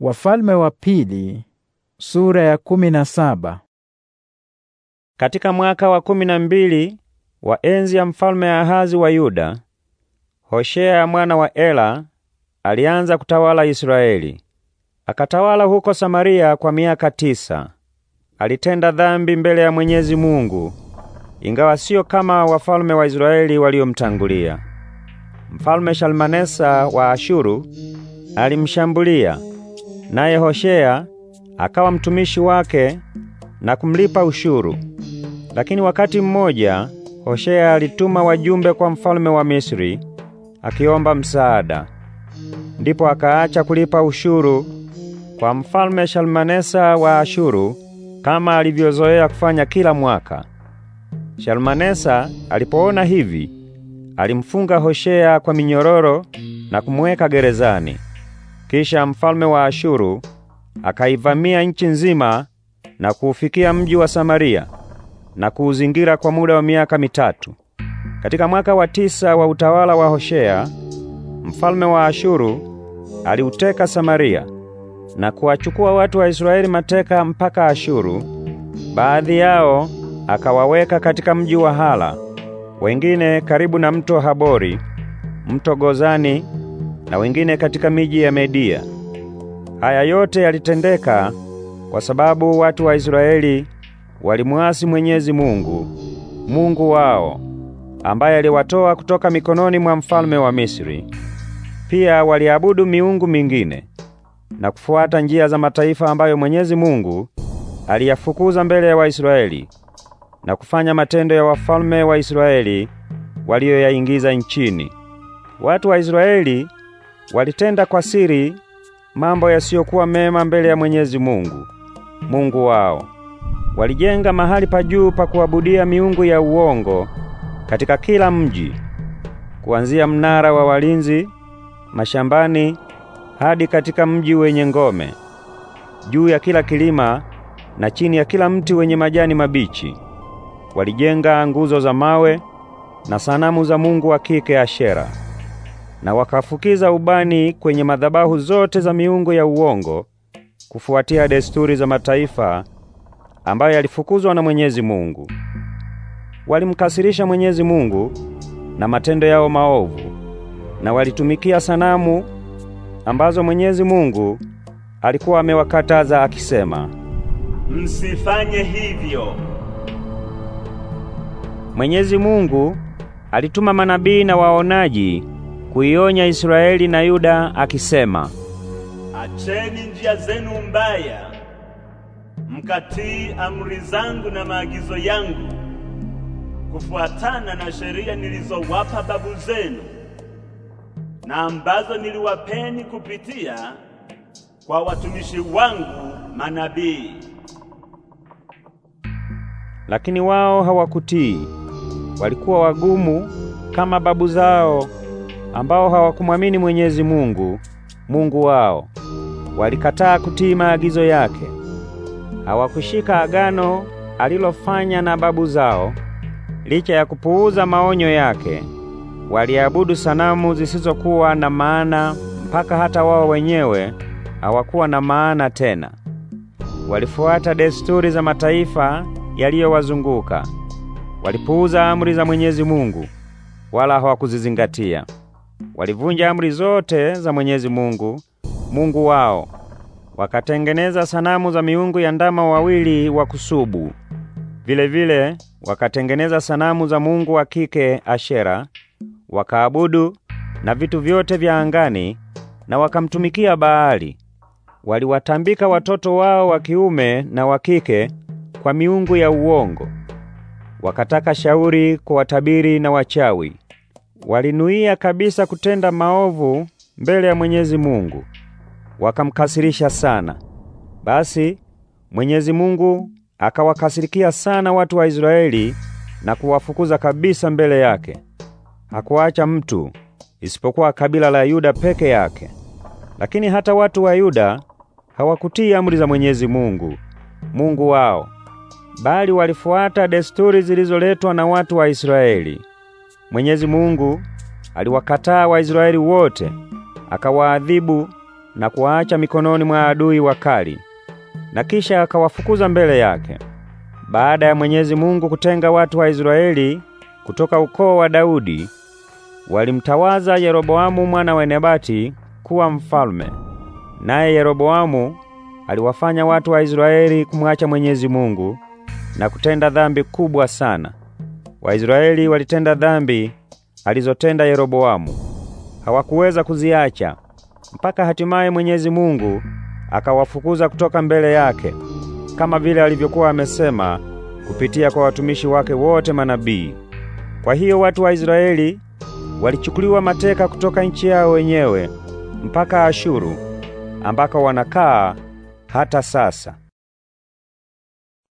Wafalme wa pili, sura ya kumi na saba. Katika mwaka wa kumi na mbili wa enzi ya mfalme Ahazi wa Yuda, Hoshea mwana wa Ela alianza kutawala Israeli. Akatawala huko Samaria kwa miaka tisa. Alitenda dhambi mbele ya Mwenyezi Mungu, ingawa sio kama wafalme wa Israeli waliomtangulia. Mfalme Shalmanesa wa Ashuru alimshambulia naye Hoshea akawa mtumishi wake na kumlipa ushuru. Lakini wakati mmoja Hoshea alituma wajumbe kwa mfalme wa Misri akiomba msaada. Ndipo akaacha kulipa ushuru kwa mfalme Shalmanesa wa Ashuru kama alivyozoea kufanya kila mwaka. Shalmanesa alipoona hivi, alimfunga Hoshea kwa minyororo na kumweka gerezani. Kisha mfalme wa Ashuru akaivamia nchi nzima na kuufikia mji wa Samaria na kuuzingira kwa muda wa miaka mitatu. Katika mwaka wa tisa wa utawala wa Hoshea, mfalme wa Ashuru aliuteka Samaria na kuwachukua watu wa Israeli mateka mpaka Ashuru. Baadhi yao akawaweka katika mji wa Hala, wengine karibu na mto Habori, mto Gozani na wengine katika miji ya Media. Haya yote yalitendeka kwa sababu watu wa Israeli walimuasi Mwenyezi Mungu, Mungu wao, ambaye aliwatoa kutoka mikononi mwa mfalme wa Misri. Pia waliabudu miungu mingine na kufuata njia za mataifa ambayo Mwenyezi Mungu aliyafukuza mbele ya Waisraeli na kufanya matendo ya wafalme wa Israeli walioyaingiza nchini. Watu wa Israeli Walitenda kwa siri mambo yasiyokuwa mema mbele ya Mwenyezi Mungu, Mungu wao. Walijenga mahali pa juu pa kuabudia miungu ya uongo katika kila mji, kuanzia mnara wa walinzi mashambani hadi katika mji wenye ngome, juu ya kila kilima na chini ya kila mti wenye majani mabichi. Walijenga nguzo za mawe na sanamu za mungu wa kike Ashera na wakafukiza ubani kwenye madhabahu zote za miungu ya uongo kufuatia desturi za mataifa ambayo yalifukuzwa na Mwenyezi Mungu. Walimkasirisha Mwenyezi Mungu na matendo yao maovu, na walitumikia sanamu ambazo Mwenyezi Mungu alikuwa amewakataza akisema, msifanye hivyo. Mwenyezi Mungu alituma manabii na waonaji kuionya Israeli na Yuda akisema, acheni njia zenu mbaya, mkatii amri zangu na maagizo yangu, kufuatana na sheria nilizowapa babu zenu na ambazo niliwapeni kupitia kwa watumishi wangu manabii. Lakini wao hawakutii, walikuwa wagumu kama babu zao ambao hawakumwamini Mwenyezi Mungu, Mungu wao. Walikataa kutii maagizo yake. Hawakushika agano alilofanya na babu zao. Licha ya kupuuza maonyo yake, waliabudu sanamu zisizokuwa na maana mpaka hata wao wenyewe hawakuwa na maana tena. Walifuata desturi za mataifa yaliyowazunguka. Walipuuza amri za Mwenyezi Mungu wala hawakuzizingatia. Walivunja amri zote za Mwenyezi Mungu, Mungu wao, wakatengeneza sanamu za miungu ya ndama wawili wa kusubu. Vilevile vile, wakatengeneza sanamu za mungu wa kike Ashera, wakaabudu na vitu vyote vya angani na wakamtumikia Baali. Waliwatambika watoto wao wa kiume na wa kike kwa miungu ya uongo, wakataka shauri kwa watabiri na wachawi. Walinuia kabisa kutenda maovu mbele ya Mwenyezi Mungu, wakamkasirisha sana. Basi Mwenyezi Mungu akawakasirikia sana watu wa Israeli na kuwafukuza kabisa mbele yake. Hakuacha mtu isipokuwa kabila la Yuda peke yake. Lakini hata watu wa Yuda hawakutii amri za Mwenyezi Mungu, Mungu wao, bali walifuata desturi zilizoletwa na watu wa Israeli. Mwenyezi Mungu aliwakataa Waisraeli wote, akawaadhibu na kuwaacha mikononi mwa adui wakali, na kisha akawafukuza mbele yake. Baada ya Mwenyezi Mungu kutenga watu wa Israeli kutoka ukoo wa Daudi, walimtawaza Yeroboamu mwana wa Nebati kuwa mfalme. Naye Yeroboamu aliwafanya watu wa Israeli kumwacha Mwenyezi Mungu na kutenda dhambi kubwa sana. Waisraeli walitenda dhambi alizotenda Yeroboamu. Hawakuweza kuziacha mpaka hatimaye Mwenyezi Mungu akawafukuza kutoka mbele yake kama vile alivyokuwa amesema kupitia kwa watumishi wake wote manabii. Kwa hiyo watu wa Israeli walichukuliwa mateka kutoka nchi yao wenyewe mpaka Ashuru ambako wanakaa hata sasa.